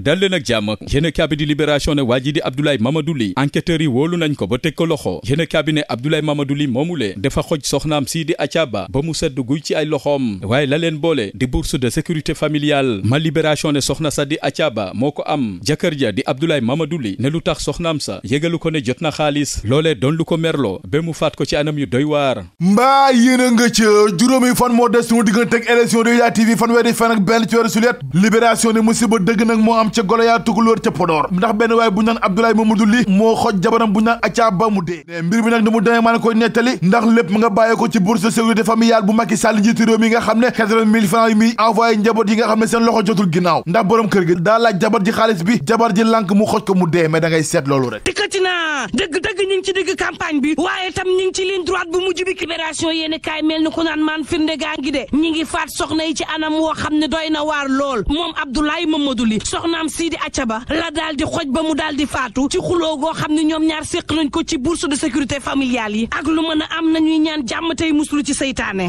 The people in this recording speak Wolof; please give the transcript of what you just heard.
dal leen ak jàmm yéen kaabi di libération ne waa ji di Abdoulaye Mamadou Ly enquêteurs nañ ko ba teg ko loxo yéen a kaabi ne Abdoulaye Mamadou Ly moomulee dafa xoj soxnaam sii di Acaaba ba mu sedd guy ci ay loxoom waaye la leen boole di bourse de sécurité familiale ma libération ne soxna sa di Acaaba moo ko am jëkkër ja di Abdoulaye Mamadou Ly ne lu tax soxnaam sa yégalu ko ne jot na xaalis loolee doon lu ko merloo ba mu faat ko ci anam yu doy waar mbaa yéen a nga ca am ca Goloya Tukulóor ca Podor ndax benn waaye bu naan Abdoulaye Mamadou Ly moo xoj jabaram bu naan Aca mu dee mbir bi nag ni mu demee maa ne koy nettali ndax lépp mu nga bàyyee ko ci bourse de sécurité familiale bu Macky Sall njiitu mi nga xam ne 80 000 francs yi muy njaboot yi nga xam ne seen loxo jotul ginnaaw ndax borom kër gi daa jabar ji xaalis bi jabar ji lànk mu xoj ko mu dee mais da seet loolu rek dikkati naa dëgg-dëgg ñu ci na waar lool maam siidi Acaba la daal di xoj ba mu daal di faatu ci xuloo goo xam ne ñoom ñaar séq nañ ko ci bourse de sécurité familiale yi ak lu mën a am nañuy ñaan jàmm tey muslu ci seytaane